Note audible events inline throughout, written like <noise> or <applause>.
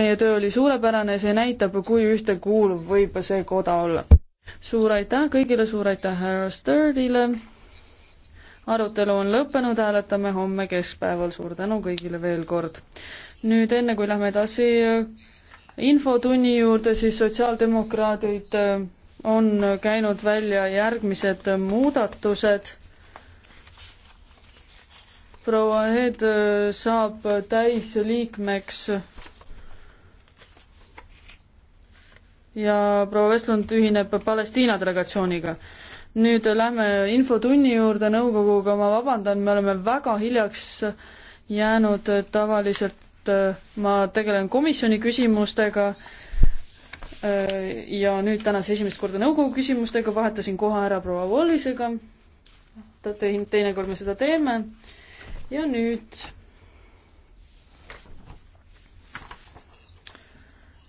meie töö oli suurepärane, see näitab, kui ühtekuuluv võib see koda olla. suur aitäh kõigile, suur aitäh härra Sturdile. arutelu on lõppenud, hääletame homme keskpäeval, suur tänu kõigile veel kord. nüüd enne, kui lähme edasi infotunni juurde, siis sotsiaaldemokraadid äh, on käinud välja järgmised muudatused proua Hed äh, saab täisliikmeks ja proua Vestlund ühineb Palestiina delegatsiooniga. nüüd lähme infotunni juurde nõukoguga, ma vabandan, me oleme väga hiljaks jäänud, tavaliselt äh, ma tegelen komisjoni küsimustega äh, ja nüüd tänase esimest korda nõukogu küsimustega, vahetasin koha ära proua Wallisega, teinekord me seda teeme ja nüüd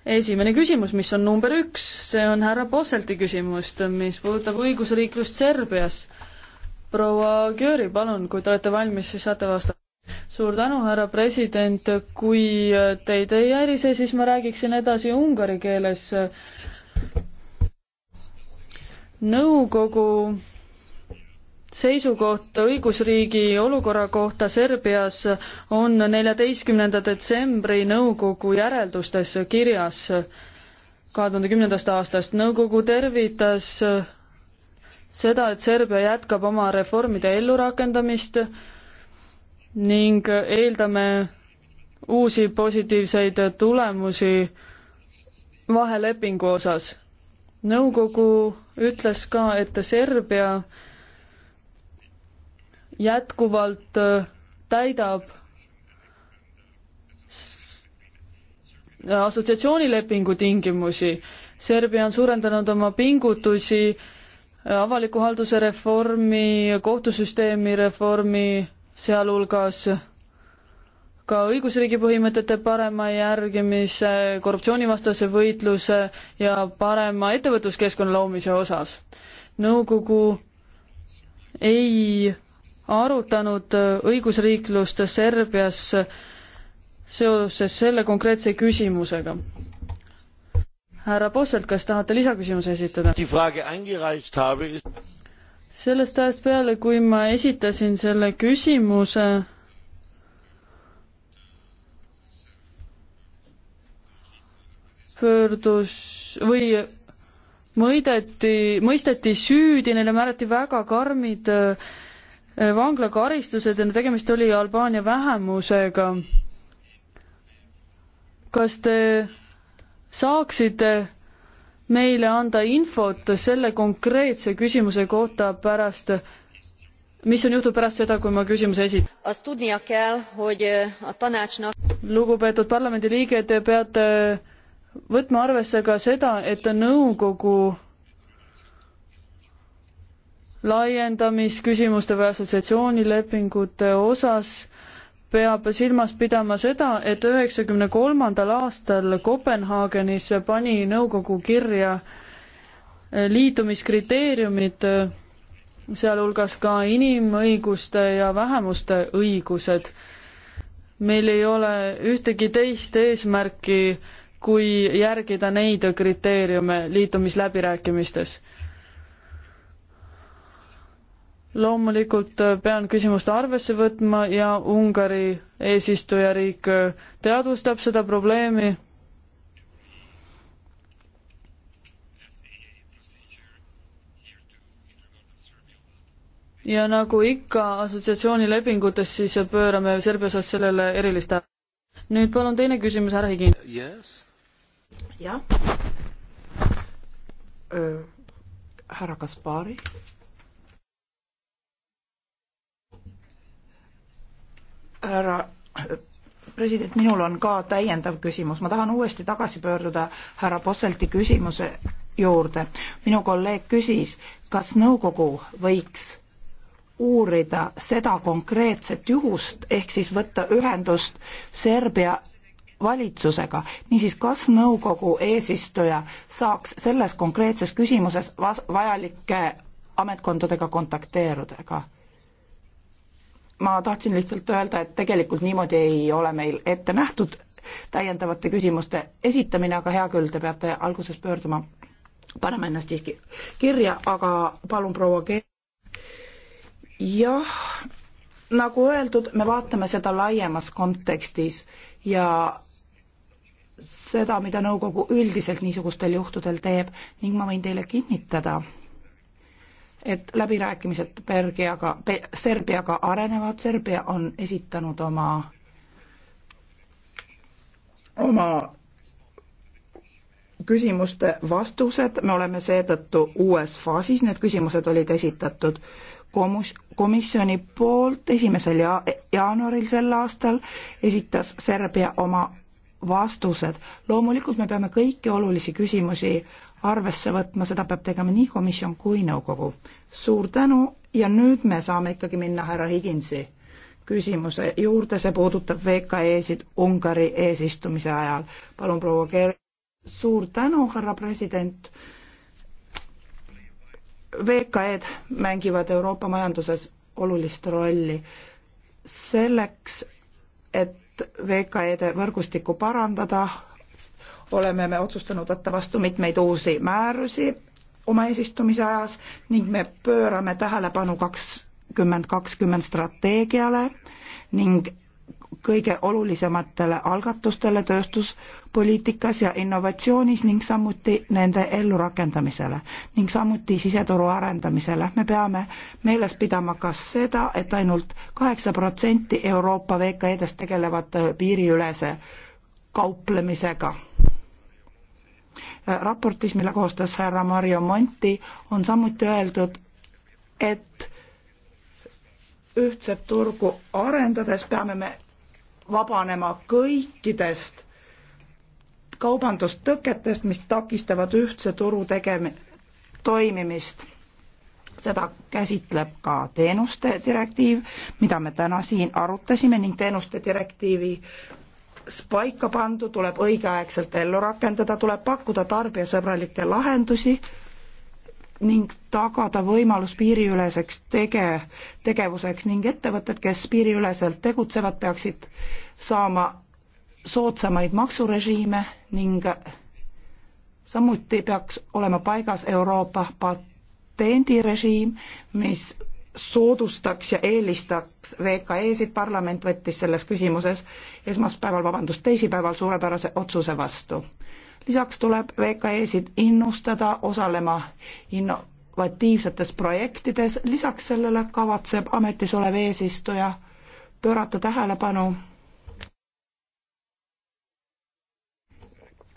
esimene küsimus, mis on number üks, see on härra Posselti küsimust, mis puudutab õigusriiklust Serbias. proua Gjöri, palun, kui te olete valmis, siis saate vastata. suur tänu, härra president, kui teid ei häirise, siis ma räägiksin edasi ungari keeles. nõukogu seisukoht õigusriigi olukorra kohta Serbias on neljateistkümnenda detsembri nõukogu järeldustes kirjas kahe tuhande kümnendast aastast. nõukogu tervitas seda, et Serbia jätkab oma reformide ellurakendamist ning eeldame uusi positiivseid tulemusi vahelepingu osas. nõukogu ütles ka, et Serbia jätkuvalt äh, täidab assotsiatsioonilepingu tingimusi. Serbia on suurendanud oma pingutusi äh, avaliku halduse reformi, kohtusüsteemi reformi, sealhulgas ka õigusriigi põhimõtete parema järgimise, korruptsioonivastase võitluse ja parema ettevõtluskeskkonna loomise osas. nõukogu ei arutanud äh, õigusriiklust Serbias seoses selle konkreetse küsimusega. härra Posselt, kas tahate lisaküsimuse esitada? sellest ajast peale, kui ma esitasin selle küsimuse, pöördus või mõideti, mõisteti süüdi, neile määrati väga karmid äh, vanglakaristused ja tegemist oli Albaania vähemusega. kas te saaksite meile anda infot selle konkreetse küsimuse kohta pärast mis on juhtunud pärast seda kui ma küsimuse esitan? lugupeetud parlamendiliige te peate võtma arvesse ka seda et nõukogu laiendamisküsimuste või assotsiatsioonilepingute osas peab silmas pidama seda, et üheksakümne kolmandal aastal Kopenhaagenis pani nõukogu kirja eh, liitumiskriteeriumid, eh, sealhulgas ka inimõiguste ja vähemuste õigused. meil ei ole ühtegi teist eesmärki, kui järgida neid kriteeriume liitumisläbirääkimistes loomulikult äh, pean küsimust arvesse võtma ja Ungari eesistujariik äh, teadvustab seda probleemi. ja nagu ikka assotsiatsioonilepingutes, siis äh, pöörame Serbia osas sellele erilist tähelepanu. nüüd palun teine küsimus, härra Higin. jah. härra Kaspari härra president, minul on ka täiendav küsimus, ma tahan uuesti tagasi pöörduda härra Posselti küsimuse juurde. minu kolleeg küsis, kas nõukogu võiks uurida seda konkreetset juhust, ehk siis võtta ühendust Serbia valitsusega, niisiis kas nõukogu eesistuja saaks selles konkreetses küsimuses vajalike ametkondadega kontakteeruda? ma tahtsin lihtsalt öelda, et tegelikult niimoodi ei ole meil ette nähtud täiendavate küsimuste esitamine, aga hea küll, te peate alguses pöörduma, paneme ennast siiski kirja, aga palun, proua Ke-. jah, nagu öeldud, me vaatame seda laiemas kontekstis ja seda, mida nõukogu üldiselt niisugustel juhtudel teeb ning ma võin teile kinnitada, et läbirääkimised Bergiaga, Serbiaga arenevad, Serbia on esitanud oma, oma küsimuste vastused, me oleme seetõttu uues faasis, need küsimused olid esitatud komus-, komisjoni poolt esimesel ja-, jaanuaril sel aastal esitas Serbia oma vastused. loomulikult me peame kõiki olulisi küsimusi arvesse võtma, seda peab tegema nii komisjon kui nõukogu. suur tänu ja nüüd me saame ikkagi minna härra Higinsi küsimuse juurde, see puudutab VKE-sid Ungari eesistumise ajal. palun, proua Keer-, suur tänu, härra president. VKE-d mängivad Euroopa majanduses olulist rolli. selleks, et VKE-de võrgustikku parandada, oleme me otsustanud võtta vastu mitmeid uusi määrusi oma eesistumise ajas ning me pöörame tähelepanu kakskümmend kakskümmend strateegiale ning kõige olulisematele algatustele tööstuspoliitikas ja innovatsioonis ning samuti nende ellurakendamisele ning samuti siseturu arendamisele. me peame meeles pidama ka seda, et ainult kaheksa protsenti Euroopa VKE-des tegelevad piiriülese kauplemisega Äh, raportis, mille koostas härra Mario Monti, on samuti öeldud, et ühtset turgu arendades peame me vabanema kõikidest kaubandustõketest, mis takistavad ühtse turu tegemi-, toimimist. seda käsitleb ka teenuste direktiiv, mida me täna siin arutasime ning teenuste direktiivi paika pandu tuleb õigeaegselt ellu rakendada, tuleb pakkuda tarbijasõbralikke lahendusi ning tagada võimalus piiriüleseks tege-, tegevuseks ning ettevõtted, kes piiriüleselt tegutsevad, peaksid saama soodsamaid maksurežiime ning samuti peaks olema paigas Euroopa patendirežiim, mis soodustaks ja eelistaks VKE-sid, parlament võttis selles küsimuses esmaspäeval, vabandust, teisipäeval suurepärase otsuse vastu. lisaks tuleb VKE-sid innustada osalema innovatiivsetes projektides, lisaks sellele kavatseb ametis olev eesistuja pöörata tähelepanu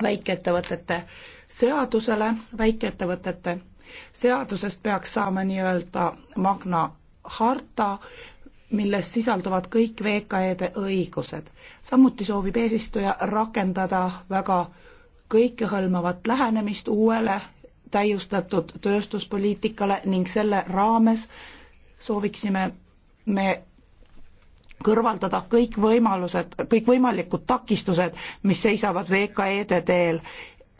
väikeettevõtete seadusele, väikeettevõtete seadusest peaks saama nii-öelda Magna harta, milles sisalduvad kõik VKE-de õigused. samuti soovib eesistuja rakendada väga kõikehõlmavat lähenemist uuele täiustatud tööstuspoliitikale ning selle raames sooviksime me kõrvaldada kõik võimalused, kõikvõimalikud takistused, mis seisavad VKE-de teel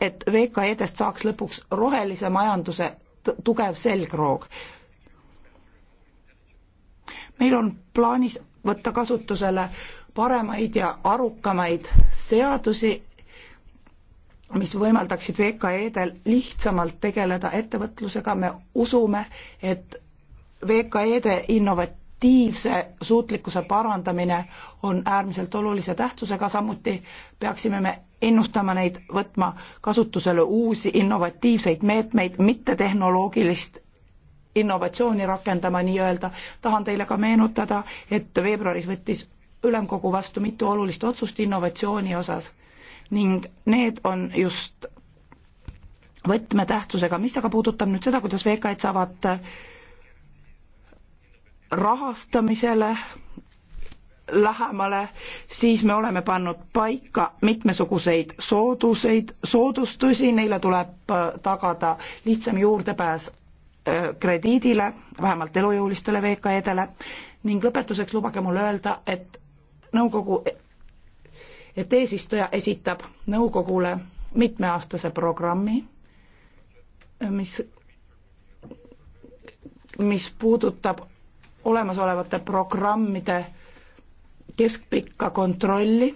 et VKE-dest saaks lõpuks rohelise majanduse tugev selgroog. meil on plaanis võtta kasutusele paremaid ja arukamaid seadusi, mis võimaldaksid VKE-del lihtsamalt tegeleda ettevõtlusega, me usume, et VKE-de innovat-, kognitiivse suutlikkuse parandamine on äärmiselt olulise tähtsusega, samuti peaksime me ennustama neid võtma kasutusele uusi innovatiivseid meetmeid, mitte tehnoloogilist innovatsiooni rakendama nii-öelda. tahan teile ka meenutada, et veebruaris võttis ülemkogu vastu mitu olulist otsust innovatsiooni osas ning need on just võtmetähtsusega, mis aga puudutab nüüd seda, kuidas VKE-d saavad rahastamisele lähemale, siis me oleme pannud paika mitmesuguseid sooduseid, soodustusi, neile tuleb äh, tagada lihtsam juurdepääs äh, krediidile, vähemalt elujõulistele VKE-dele ning lõpetuseks lubage mul öelda, et nõukogu, e-, et eesistuja esitab nõukogule mitmeaastase programmi, mis, mis puudutab olemasolevate programmide keskpikka kontrolli.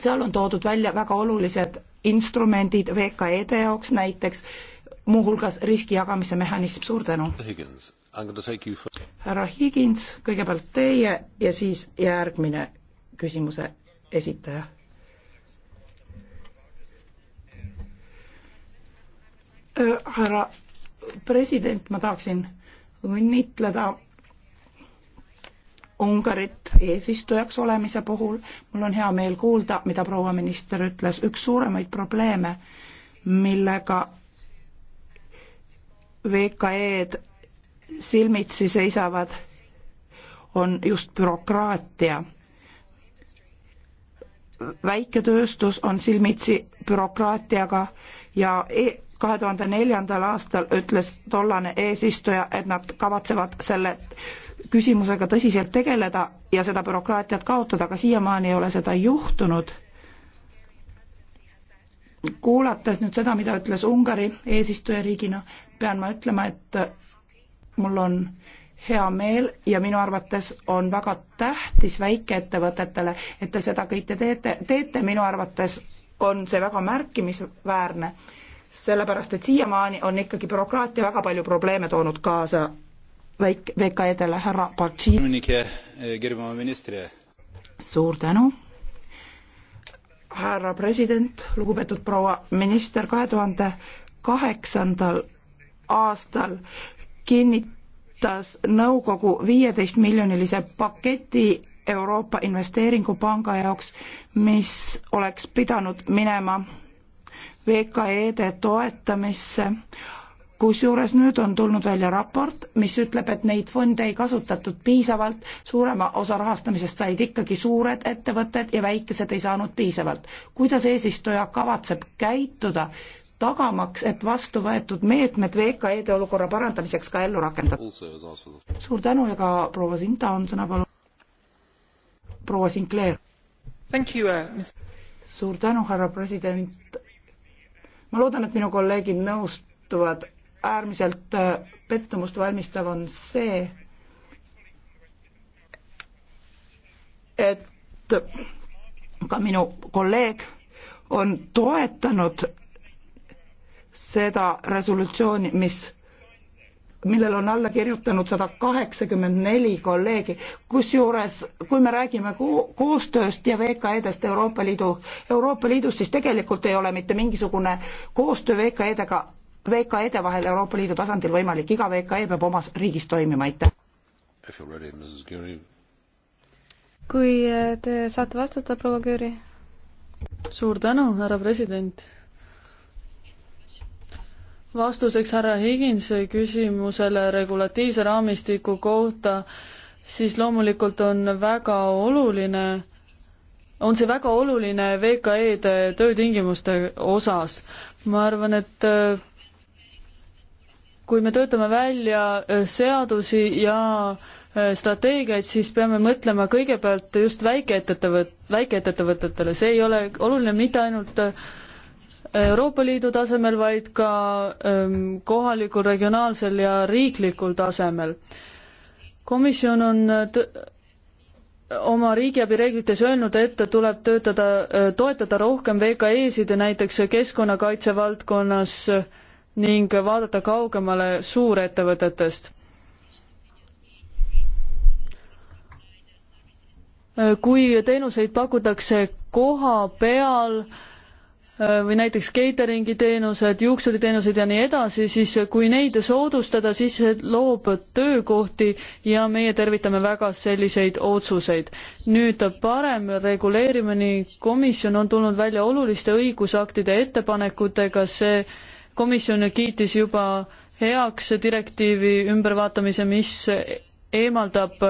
seal on toodud välja väga olulised instrumendid VKE-de jaoks näiteks, muuhulgas riski jagamise mehhanism, suur tänu. härra Higins, kõigepealt teie ja siis järgmine küsimuse esitaja äh, härra president, ma tahaksin õnnitleda Ungarit eesistujaks olemise puhul. mul on hea meel kuulda, mida proua minister ütles, üks suuremaid probleeme, millega VKE-d silmitsi seisavad, on just bürokraatia. väiketööstus on silmitsi bürokraatiaga ja e kahe tuhande neljandal aastal ütles tollane eesistuja, et nad kavatsevad selle küsimusega tõsiselt tegeleda ja seda bürokraatiat kaotada, aga siiamaani ei ole seda juhtunud. kuulates nüüd seda, mida ütles Ungari eesistujariigina, pean ma ütlema, et mul on hea meel ja minu arvates on väga tähtis väikeettevõtetele, et te seda kõike teete, teete, minu arvates on see väga märkimisväärne sellepärast et siiamaani on ikkagi bürokraatia väga palju probleeme toonud kaasa väik-, VKE-dele, härra Partsi-. Eh, eh, suur tänu, härra president, lugupeetud proua minister, kahe tuhande kaheksandal aastal kinnitas nõukogu viieteist miljonilise paketi Euroopa Investeeringupanga jaoks, mis oleks pidanud minema VKE-de toetamisse. kusjuures nüüd on tulnud välja raport, mis ütleb, et neid fonde ei kasutatud piisavalt, suurema osa rahastamisest said ikkagi suured ettevõtted ja väikesed ei saanud piisavalt. kuidas eesistuja kavatseb käituda, tagamaks, et vastu võetud meetmed VKE-de olukorra parandamiseks ka ellu rakendada? suur tänu ja ka proua Sinta on sõna palunud. proua Sinclair. Uh, suur tänu, härra president ma loodan, et minu kolleegid nõustuvad, äärmiselt äh, pettumust valmistav on see, et ka minu kolleeg on toetanud seda resolutsiooni, mis millele on alla kirjutanud sada kaheksakümmend neli kolleegi, kusjuures kui me räägime ko koostööst ja VKE-dest Euroopa Liidu, Euroopa Liidus, siis tegelikult ei ole mitte mingisugune koostöö VKE-dega, VKE-de vahel Euroopa Liidu tasandil võimalik, iga VKE peab omas riigis toimima, aitäh. kui eh, te saate vastata, proua Kööri? suur tänu, härra president vastuseks härra Higinse küsimusele regulatiivse raamistiku kohta, siis loomulikult on väga oluline, on see väga oluline VKE-de töötingimuste osas. ma arvan, et äh, kui me töötame välja äh, seadusi ja äh, strateegiaid, siis peame mõtlema kõigepealt just väikeettevõt-, väikeettevõtetele, see ei ole oluline mitte ainult Euroopa Liidu tasemel, vaid ka ähm, kohalikul, regionaalsel ja riiklikul tasemel. komisjon on oma riigiabi reeglites öelnud, et tuleb töötada, äh, toetada rohkem VKE-sid näiteks keskkonnakaitse valdkonnas ning vaadata kaugemale suurettevõtetest. kui teenuseid pakutakse koha peal, Äh, või näiteks catering'i teenused, juuksuriteenused ja nii edasi, siis kui neid soodustada, siis see loob töökohti ja meie tervitame väga selliseid otsuseid. nüüd parem reguleerimine, komisjon on tulnud välja oluliste õigusaktide ettepanekutega, see komisjon kiitis juba heaks direktiivi ümbervaatamise, mis eemaldab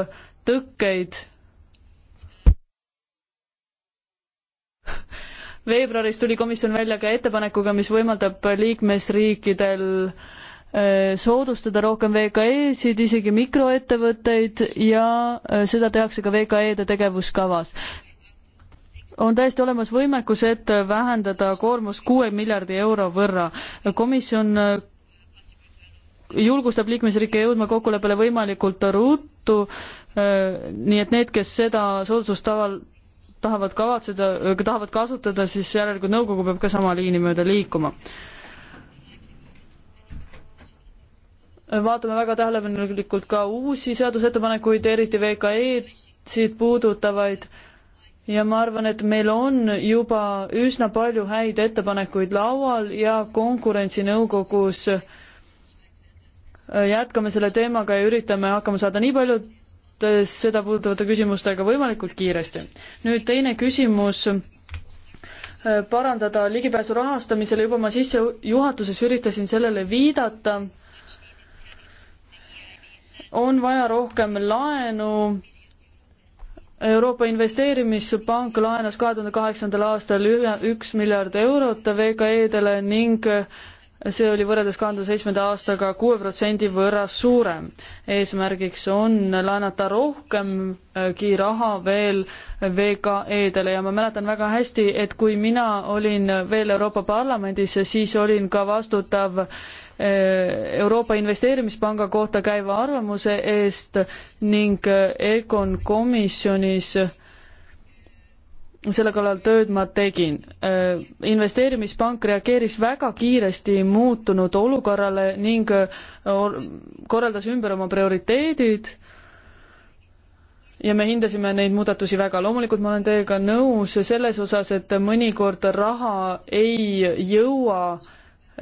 tõkkeid <laughs> veebruaris tuli komisjon välja ka ettepanekuga, mis võimaldab liikmesriikidel äh, soodustada rohkem VKE-sid, isegi mikroettevõtteid ja äh, seda tehakse ka VKE-de tegevuskavas. on täiesti olemas võimekus, et vähendada koormust kuue miljardi euro võrra. komisjon äh, julgustab liikmesriike jõudma kokkuleppele võimalikult ruttu, nii et need, kes seda soodustust aval-, tahavad kavatseda, tahavad kasutada, siis järelikult nõukogu peab ka sama liini mööda liikuma. vaatame väga tähelepanelikult ka uusi seadusettepanekuid, eriti VKE-sid puudutavaid ja ma arvan, et meil on juba üsna palju häid ettepanekuid laual ja konkurentsinõukogus jätkame selle teemaga ja üritame hakkama saada nii palju seda puudutavate küsimustega võimalikult kiiresti. nüüd teine küsimus, äh, parandada ligipääsu rahastamisele, juba ma sissejuhatuses üritasin sellele viidata, on vaja rohkem laenu, Euroopa Investeerimispank laenas kahe tuhande kaheksandal aastal ühe, üks miljard eurot VKE-dele ning see oli võrreldes kahe tuhande seitsmenda aastaga kuue protsendi võrra suurem. eesmärgiks on laenata rohkemgi äh, raha veel VKE-dele ja ma mäletan väga hästi, et kui mina olin veel Euroopa Parlamendis, siis olin ka vastutav äh, Euroopa Investeerimispanga kohta käiva arvamuse eest ning äh, EKON komisjonis selle kallal tööd ma tegin. Äh, investeerimispank reageeris väga kiiresti muutunud olukorrale ning äh, korraldas ümber oma prioriteedid ja me hindasime neid muudatusi väga. loomulikult ma olen teiega nõus selles osas, et mõnikord raha ei jõua öö,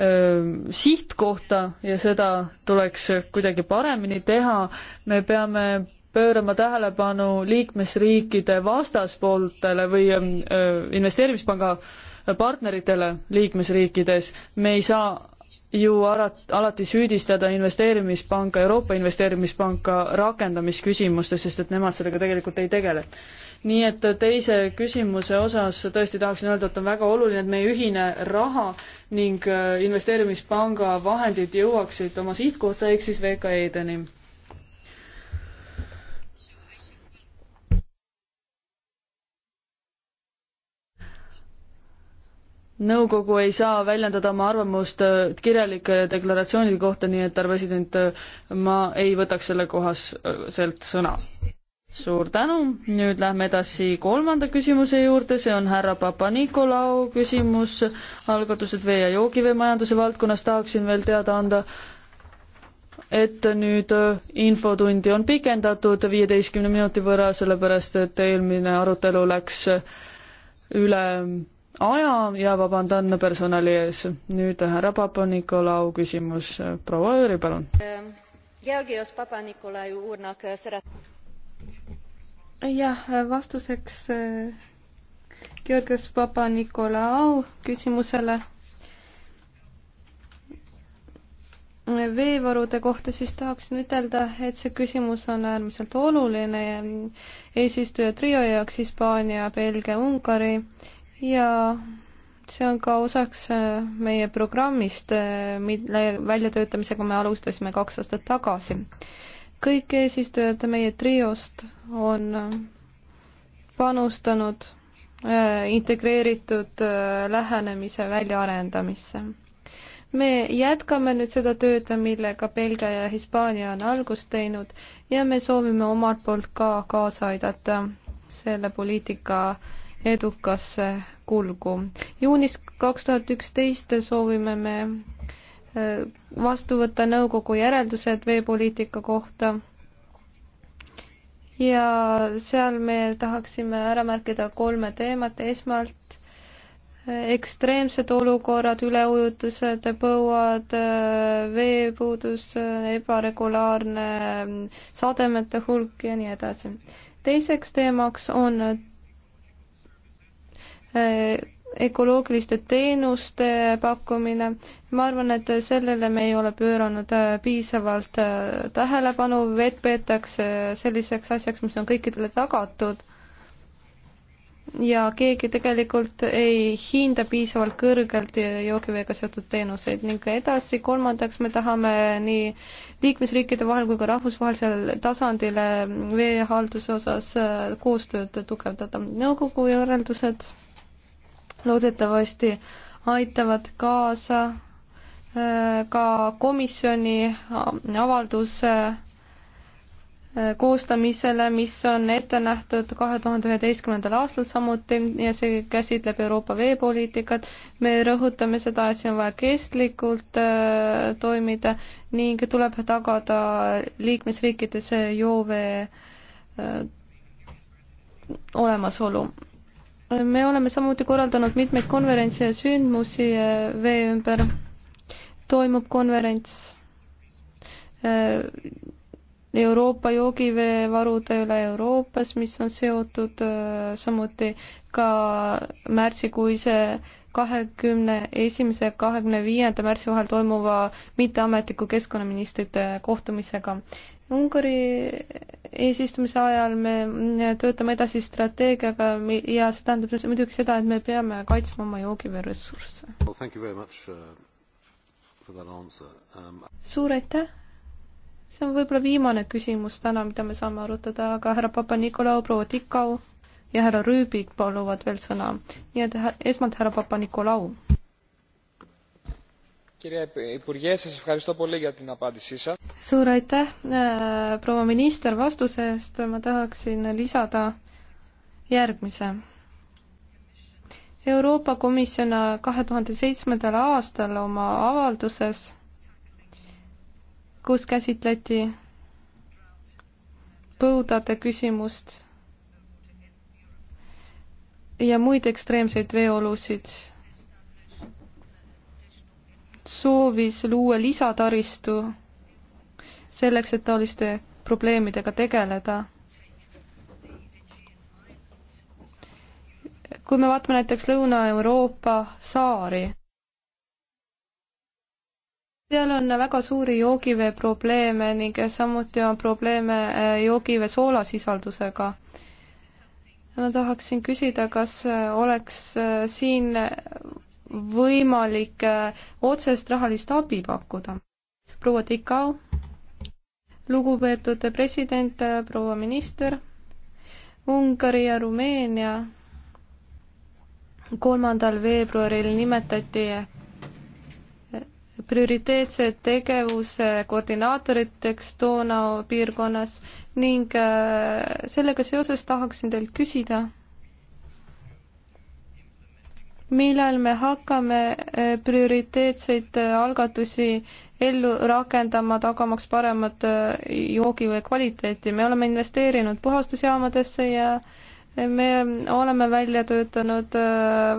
äh, sihtkohta ja seda tuleks kuidagi paremini teha. me peame pöörama tähelepanu liikmesriikide vastaspooltele või ähm, äh, investeerimispanga partneritele liikmesriikides, me ei saa ju arat-, alati süüdistada investeerimispanka, Euroopa Investeerimispanka rakendamisküsimustes, sest et nemad sellega tegelikult ei tegele. nii et teise küsimuse osas tõesti tahaksin öelda, et on väga oluline, et meie ühine raha ning äh, investeerimispanga vahendid jõuaksid oma sihtkohta ehk siis VKE-deni nõukogu ei saa väljendada oma arvamust äh, kirjalike deklaratsioonide kohta, nii et härra president, äh, ma ei võtaks selle kohaselt sõna. suur tänu, nüüd lähme edasi kolmanda küsimuse juurde, see on härra Papa-Nikolau küsimus, algatused vee- ja joogiveemajanduse valdkonnas, tahaksin veel teada anda, et nüüd äh, infotundi on pikendatud viieteistkümne minuti võrra, sellepärast et eelmine arutelu läks üle aja ja vabandan personali ees. nüüd härra Papa-Nikolau küsimus. proua Jüri, palun. Georgios Papa-Nikolaiu uurnak äh, sere-. jah, vastuseks äh, Georgios Papa-Nikolau küsimusele veevarude kohta siis tahaksin ütelda, et see küsimus on äärmiselt oluline eesistuja trio jaoks Hispaania, Belgia, Ungari ja see on ka osaks äh, meie programmist, äh, mille väljatöötamisega me alustasime kaks aastat tagasi. kõik eesistujad meie triost on äh, panustanud integreeritud lähenemise väljaarendamisse. me jätkame nüüd seda tööd, millega Belgia ja Hispaania on algust teinud ja me soovime omalt poolt ka kaasa aidata selle poliitika äh, edukasse kulgu. juunis kaks tuhat üksteist soovime me äh, vastu võtta nõukogu järeldused veepoliitika kohta ja seal me tahaksime ära märkida kolme teemat, esmalt äh, ekstreemsed olukorrad, üleujutused, põuad, äh, veepuudus, ebaregulaarne sademete hulk ja nii edasi. teiseks teemaks on Äh, ökoloogiliste teenuste pakkumine, ma arvan, et sellele me ei ole pööranud äh, piisavalt äh, tähelepanu, vett peetakse selliseks asjaks, mis on kõikidele tagatud ja keegi tegelikult ei hinda piisavalt kõrgelt joogiveega seotud teenuseid ning edasi kolmandaks me tahame nii liikmesriikide vahel kui ka rahvusvahelisel tasandil veehalduse osas koostööd tugevdada. nõukogu järeldused loodetavasti aitavad kaasa äh, ka komisjoni äh, avalduse äh, koostamisele, mis on ette nähtud kahe tuhande üheteistkümnendal aastal samuti ja see käsitleb Euroopa veepoliitikat. me rõhutame seda, et siin on vaja kestlikult äh, toimida ning tuleb tagada liikmesriikides joovee äh, olemasolu me oleme samuti korraldanud mitmeid konverentse ja sündmusi eh, vee ümber. toimub konverents eh, Euroopa joogiveevarude üle Euroopas, mis on seotud eh, samuti ka märtsikuise kahekümne esimese ja kahekümne viienda märtsi vahel toimuva mitteametliku keskkonnaministrite kohtumisega Ungari eesistumise ajal me töötame edasi strateegiaga ja see tähendab muidugi seda, et me peame kaitsma oma joogiveeressursse well,. Uh, um... suur aitäh! see on võib-olla viimane küsimus täna, mida me saame arutada, aga härra Papa-Nikolau, proua Tikau ja härra Rüübik paluvad veel sõna. nii et esmalt härra Papa-Nikolau suur aitäh, äh, proua minister, vastuse eest, ma tahaksin lisada järgmise. Euroopa Komisjon kahe tuhande seitsmendal aastal oma avalduses, kus käsitleti põudade küsimust ja muid ekstreemseid veeolusid soovis luua lisataristu selleks, et taoliste probleemidega tegeleda. kui me vaatame näiteks Lõuna-Euroopa saari, seal on väga suuri joogivee probleeme ning samuti on probleeme eh, joogivee soolasisaldusega. ma tahaksin küsida, kas oleks eh, siin võimalik äh, otsest rahalist abi pakkuda. proua Tikau, lugupeetud president, äh, proua minister, Ungari ja Rumeenia kolmandal veebruaril nimetati äh, prioriteetse tegevuse koordinaatoriteks Donau piirkonnas ning sellega seoses tahaksin teilt küsida, millal me hakkame eh, prioriteetseid eh, algatusi ellu rakendama, tagamaks paremat eh, joogivee kvaliteeti. me oleme investeerinud puhastusjaamadesse ja me oleme välja töötanud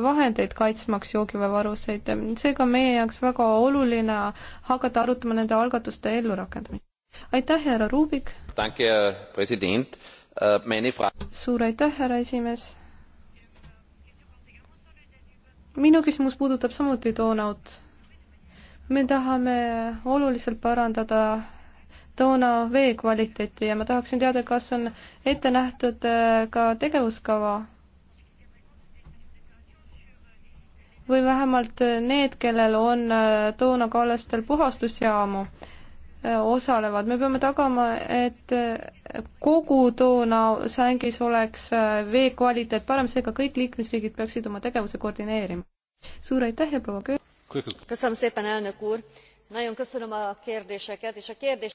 vahendeid kaitsmaks joogiveevaruseid. seega on meie jaoks väga oluline hakata arutama nende algatuste ellurakendamist. aitäh, härra Rubik! Äh, suur aitäh, härra esimees! minu küsimus puudutab samuti Donaut. me tahame oluliselt parandada Donau vee kvaliteeti ja ma tahaksin teada, kas on ette nähtud äh, ka tegevuskava või vähemalt need, kellel on äh, Donau kallastel puhastusjaamu osalevad, me peame tagama, et kogu toona sängis oleks äh, vee kvaliteet parem, seega kõik liikmesriigid peaksid oma tegevuse koordineerima. suur aitäh ja proua Köö-.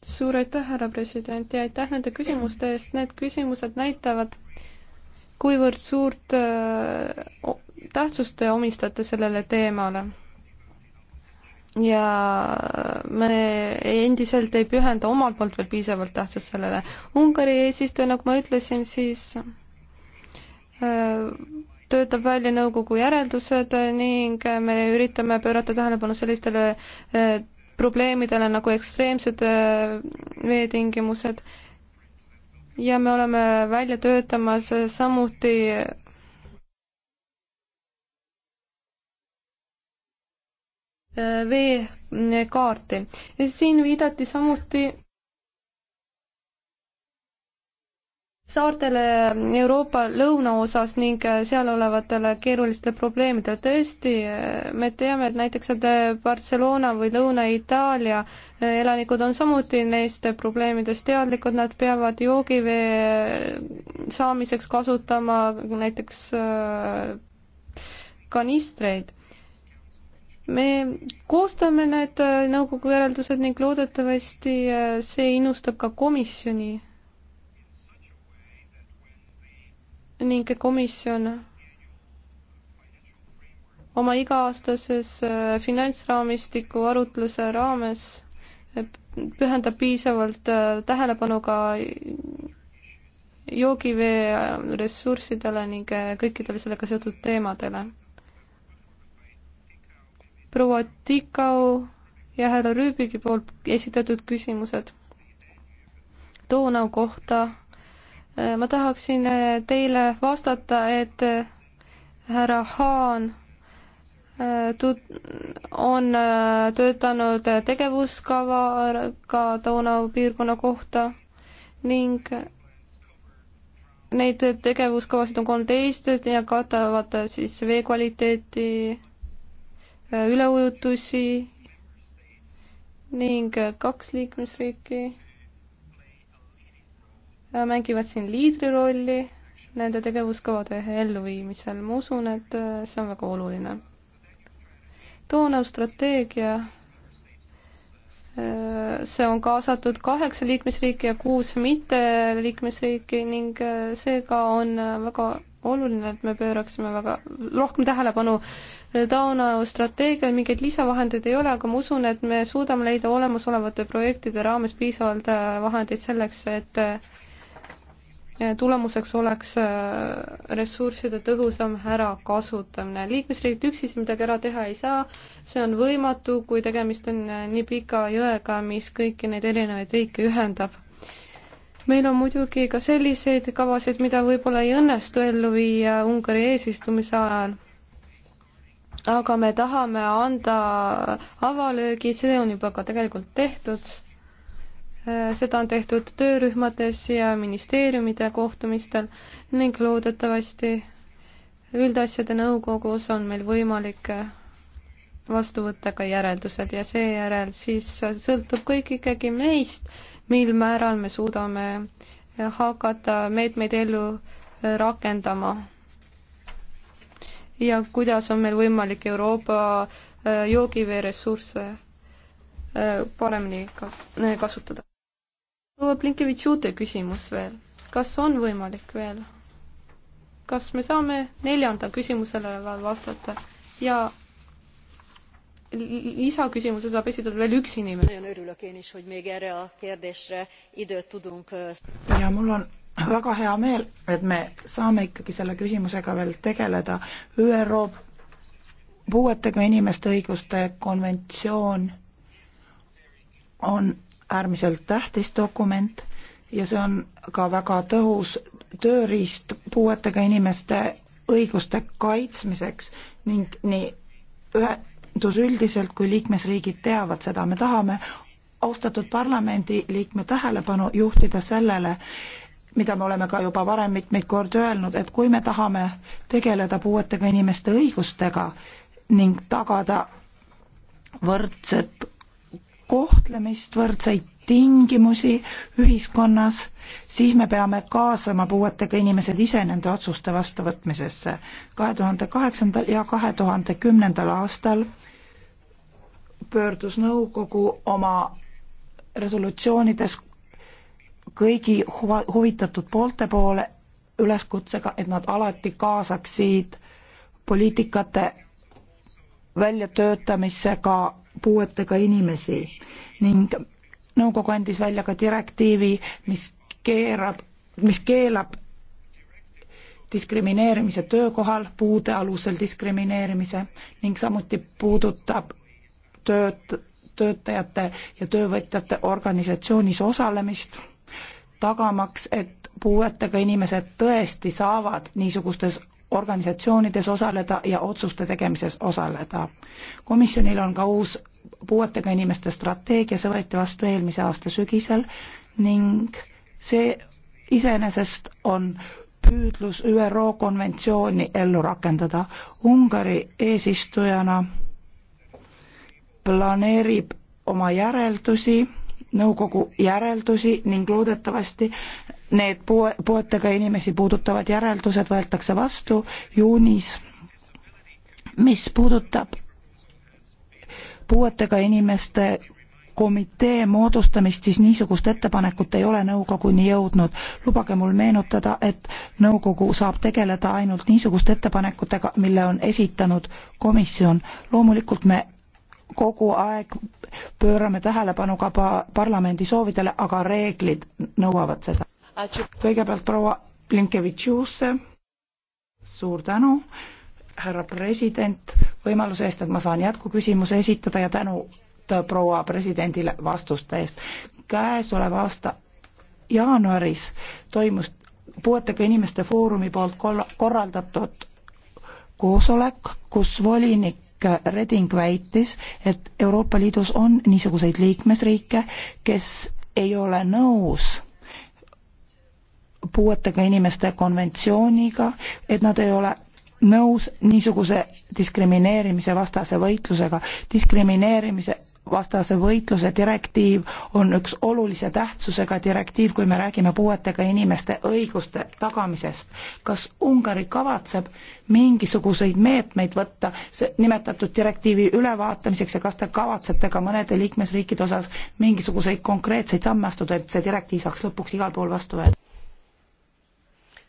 suur aitäh, härra president ja aitäh nende küsimuste eest, need küsimused näitavad, kuivõrd suurt äh, tähtsust te omistate sellele teemale ja me endiselt ei pühenda omalt poolt veel piisavalt tähtsust sellele. Ungari eesistuja, nagu ma ütlesin, siis äh, töötab välja nõukogu järeldused ning me üritame pöörata tähelepanu sellistele äh, probleemidele nagu ekstreemsed äh, veetingimused ja me oleme välja töötamas samuti veekaarti. siin viidati samuti saartele Euroopa lõunaosas ning seal olevatele keerulistele probleemidele. tõesti, me teame, et näiteks Barcelona või Lõuna-Itaalia elanikud on samuti neist probleemidest teadlikud, nad peavad joogivee saamiseks kasutama näiteks äh, kanistreid me koostame need äh, nõukogu järeldused ning loodetavasti äh, see innustab ka komisjoni ning komisjon oma iga-aastases äh, finantsraamistiku arutluse raames pühendab piisavalt tähelepanu ka joogivee ressurssidele ning kõikidele sellega seotud teemadele proua Tikau ja härra Rüübigi poolt esitatud küsimused Donau kohta. Äh, ma tahaksin äh, teile vastata, et äh, härra Haan tut-, on töötanud tegevuskavaga Donau piirkonna kohta ning neid tegevuskavasid on kolmteist ja katavad siis vee kvaliteeti, üleujutusi ning kaks liikmesriiki mängivad siin liidrirolli nende tegevuskavade elluviimisel. ma usun, et see on väga oluline. toonav strateegia, see on kaasatud kaheksa liikmesriiki ja kuus mitteliikmesriiki ning seega on väga oluline, et me pööraksime väga rohkem tähelepanu toona strateegial mingeid lisavahendeid ei ole, aga ma usun, et me suudame leida olemasolevate projektide raames piisavalt äh, vahendeid selleks, et äh, tulemuseks oleks äh, ressursside tõhusam ärakasutamine. liikmesriigid üksi siin midagi ära teha ei saa, see on võimatu, kui tegemist on nii pika jõega, mis kõiki neid erinevaid riike ühendab meil on muidugi ka selliseid kavasid, mida võib-olla ei õnnestu ellu viia Ungari eesistumise ajal aga me tahame anda avalöögi, see on juba ka tegelikult tehtud. seda on tehtud töörühmades ja ministeeriumide kohtumistel ning loodetavasti üldasjade nõukogus on meil võimalik vastu võtta ka järeldused ja seejärel siis sõltub kõik ikkagi meist, mil määral me suudame hakata meetmeid ellu rakendama ja kuidas on meil võimalik Euroopa äh, joogivee ressursse äh, paremini kas-, äh, kasutada. proua Plinkevitš-Uute küsimus veel, kas on võimalik veel? kas me saame neljanda küsimusele veel vastata ja lisaküsimuse saab esitada veel üks inimene. ja mul on väga hea meel, et me saame ikkagi selle küsimusega veel tegeleda. ÜRO puuetega inimeste õiguste konventsioon on äärmiselt tähtis dokument ja see on ka väga tõhus tööriist puuetega inimeste õiguste kaitsmiseks ning nii ühe tundus üldiselt, kui liikmesriigid teavad seda, me tahame austatud parlamendiliikme tähelepanu juhtida sellele, mida me oleme ka juba varem mitmeid kordi öelnud, et kui me tahame tegeleda puuetega inimeste õigustega ning tagada võrdset kohtlemist, võrdseid tingimusi ühiskonnas, siis me peame kaasama puuetega inimesed ise nende otsuste vastuvõtmisesse. kahe tuhande kaheksandal ja kahe tuhande kümnendal aastal pöördus nõukogu oma resolutsioonides kõigi huva, huvitatud poolte poole üleskutsega, et nad alati kaasaksid poliitikate väljatöötamisse ka puuetega inimesi ning nõukogu andis välja ka direktiivi, mis keerab, mis keelab diskrimineerimise töökohal, puude alusel diskrimineerimise ning samuti puudutab tööt-, töötajate ja töövõtjate organisatsioonis osalemist, tagamaks, et puuetega inimesed tõesti saavad niisugustes organisatsioonides osaleda ja otsuste tegemises osaleda. komisjonil on ka uus puuetega inimeste strateegia, see võeti vastu eelmise aasta sügisel ning see iseenesest on püüdlus ÜRO konventsiooni ellu rakendada. Ungari eesistujana planeerib oma järeldusi, nõukogu järeldusi ning loodetavasti need puue, puuetega inimesi puudutavad järeldused võetakse vastu juunis. mis puudutab puuetega inimeste komitee moodustamist, siis niisugust ettepanekut ei ole nõukoguni jõudnud. lubage mul meenutada, et nõukogu saab tegeleda ainult niisuguste ettepanekutega, mille on esitanud komisjon. loomulikult me kogu aeg pöörame tähelepanu ka parlamendi soovidele, aga reeglid nõuavad seda. kõigepealt proua Blinkevitšiusse, suur tänu, härra president, võimaluse eest, et ma saan jätkuküsimuse esitada ja tänu proua presidendile vastuste eest. käesoleva aasta jaanuaris toimus puuetega inimeste foorumi poolt korraldatud koosolek, kus volinik volinik Reding väitis, et Euroopa Liidus on niisuguseid liikmesriike, kes ei ole nõus puuetega inimeste konventsiooniga, et nad ei ole nõus niisuguse diskrimineerimise vastase võitlusega, diskrimineerimise vastase võitluse direktiiv on üks olulise tähtsusega direktiiv, kui me räägime puuetega inimeste õiguste tagamisest. kas Ungari kavatseb mingisuguseid meetmeid võtta nimetatud direktiivi ülevaatamiseks ja kas te kavatsete ka mõnede liikmesriikide osas mingisuguseid konkreetseid samme astuda, et see direktiiv saaks lõpuks igal pool vastu võetud?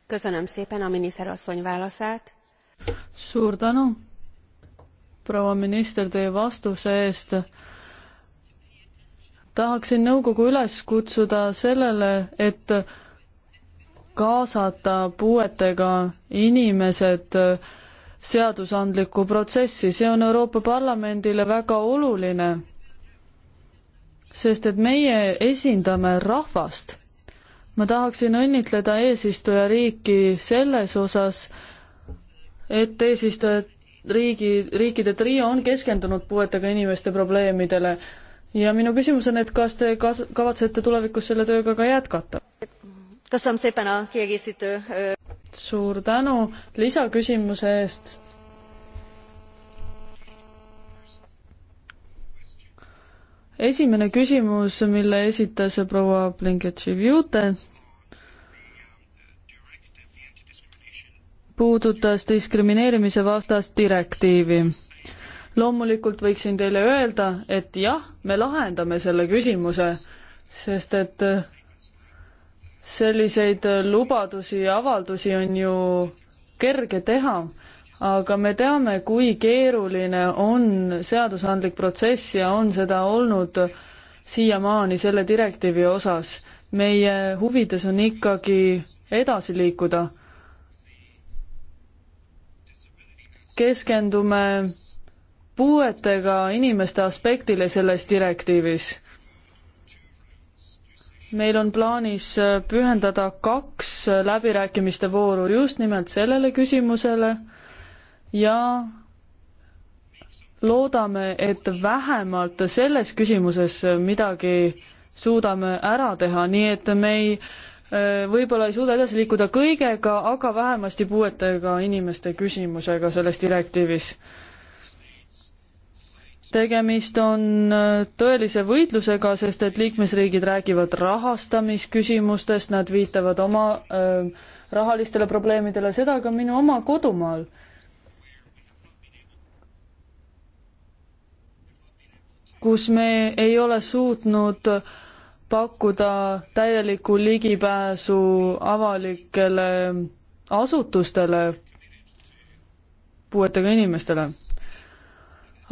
köszönöm szépen a miniszterasszony válaszát. suur tänu, proua minister, teie vastuse eest tahaksin nõukogu üles kutsuda sellele, et kaasata puuetega inimesed seadusandlikku protsessi, see on Euroopa Parlamendile väga oluline, sest et meie esindame rahvast. ma tahaksin õnnitleda eesistujariiki selles osas, et eesistujad riigi, riikide trio on keskendunud puuetega inimeste probleemidele ja minu küsimus on, et kas te kas-, kavatsete tulevikus selle tööga ka jätkata? suur tänu lisaküsimuse eest. esimene küsimus, mille esitas proua Blinketšivjute, puudutas diskrimineerimise vastast direktiivi loomulikult võiksin teile öelda, et jah, me lahendame selle küsimuse, sest et äh, selliseid äh, lubadusi ja avaldusi on ju kerge teha, aga me teame, kui keeruline on seadusandlik protsess ja on seda olnud siiamaani selle direktiivi osas. meie huvides on ikkagi edasi liikuda. keskendume puuetega inimeste aspektile selles direktiivis. meil on plaanis pühendada kaks läbirääkimiste vooru just nimelt sellele küsimusele ja loodame, et vähemalt selles küsimuses midagi suudame ära teha, nii et me ei, äh, võib-olla ei suuda edasi liikuda kõigega, aga vähemasti puuetega inimeste küsimusega selles direktiivis tegemist on äh, tõelise võitlusega, sest et liikmesriigid räägivad rahastamisküsimustest, nad viitavad oma öö, äh, rahalistele probleemidele, seda ka minu oma kodumaal. kus me ei ole suutnud pakkuda täielikku ligipääsu avalikele asutustele, puuetega inimestele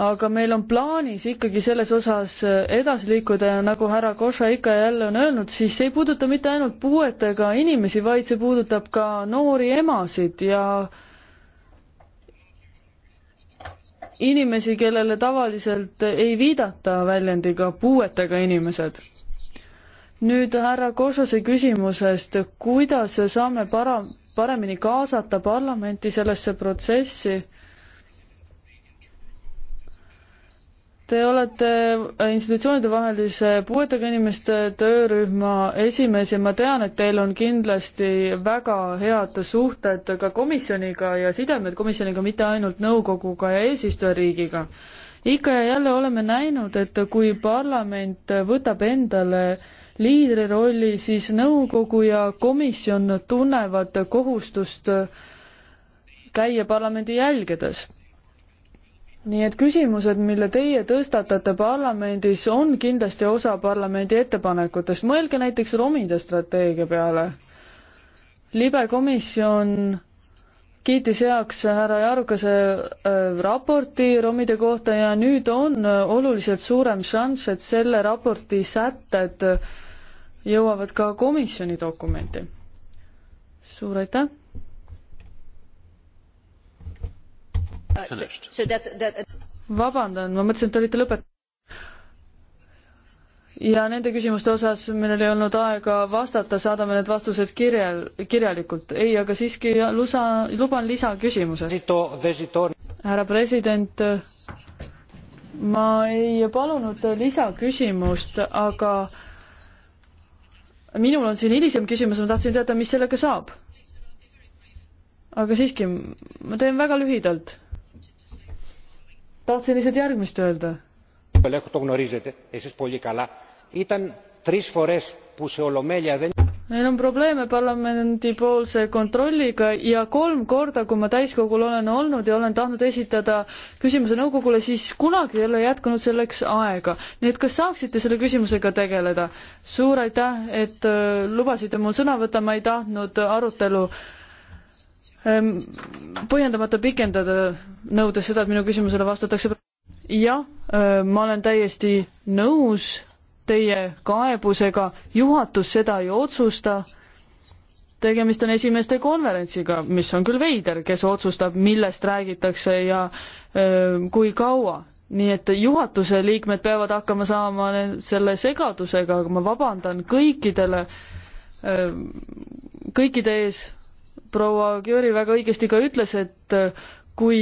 aga meil on plaanis ikkagi selles osas äh, edasi liikuda ja nagu härra Koša ikka ja jälle on öelnud, siis see ei puuduta mitte ainult puuetega inimesi, vaid see puudutab ka noori emasid ja inimesi, kellele tavaliselt ei viidata väljendiga puuetega inimesed. nüüd härra Košase küsimusest, kuidas saame para-, paremini kaasata parlamenti sellesse protsessi Te olete institutsioonide vahelise puuetega inimeste töörühma esimees ja ma tean, et teil on kindlasti väga head suhted ka komisjoniga ja sidemed komisjoniga, mitte ainult nõukoguga ja eesistujariigiga. ikka ja jälle oleme näinud, et kui parlament võtab endale liidri rolli, siis nõukogu ja komisjon tunnevad kohustust käia parlamendi jälgedes nii et küsimused, mille teie tõstatate parlamendis, on kindlasti osa parlamendi ettepanekutest, mõelge näiteks romide strateegia peale. libekomisjon kiitis heaks härra Jarukase äh, raporti romide kohta ja nüüd on äh, oluliselt suurem šanss, et selle raporti sätted jõuavad ka komisjoni dokumenti. suur aitäh! finished. vabandan, ma mõtlesin, et te olite lõpetanud. ja nende küsimuste osas, millel ei olnud aega vastata, saadame need vastused kirjal, kirjalikult. ei, aga siiski lusa, luban lisaküsimuse. härra president, ma ei palunud lisaküsimust, aga minul on siin hilisem küsimus, ma tahtsin teada, mis sellega saab. aga siiski, ma teen väga lühidalt tahtsin lihtsalt järgmist öelda. meil on probleeme parlamendipoolse kontrolliga ja kolm korda, kui ma täiskogul olen olnud ja olen tahtnud esitada küsimuse nõukogule, siis kunagi ei ole jätkunud selleks aega. nii et kas saaksite selle küsimusega tegeleda? suur aitäh, et äh, lubasite mul sõna võtta, ma ei tahtnud arutelu äh, Ehm, põhjendamata pikendada, nõudes seda, et minu küsimusele vastatakse. jah, ehm, ma olen täiesti nõus teie kaebusega, juhatus seda ei otsusta. tegemist on esimeste konverentsiga, mis on küll veider, kes otsustab, millest räägitakse ja öö, ehm, kui kaua. nii et juhatuse liikmed peavad hakkama saama selle segadusega, aga ma vabandan kõikidele, kõikide ees proua Kööri väga õigesti ka ütles, et kui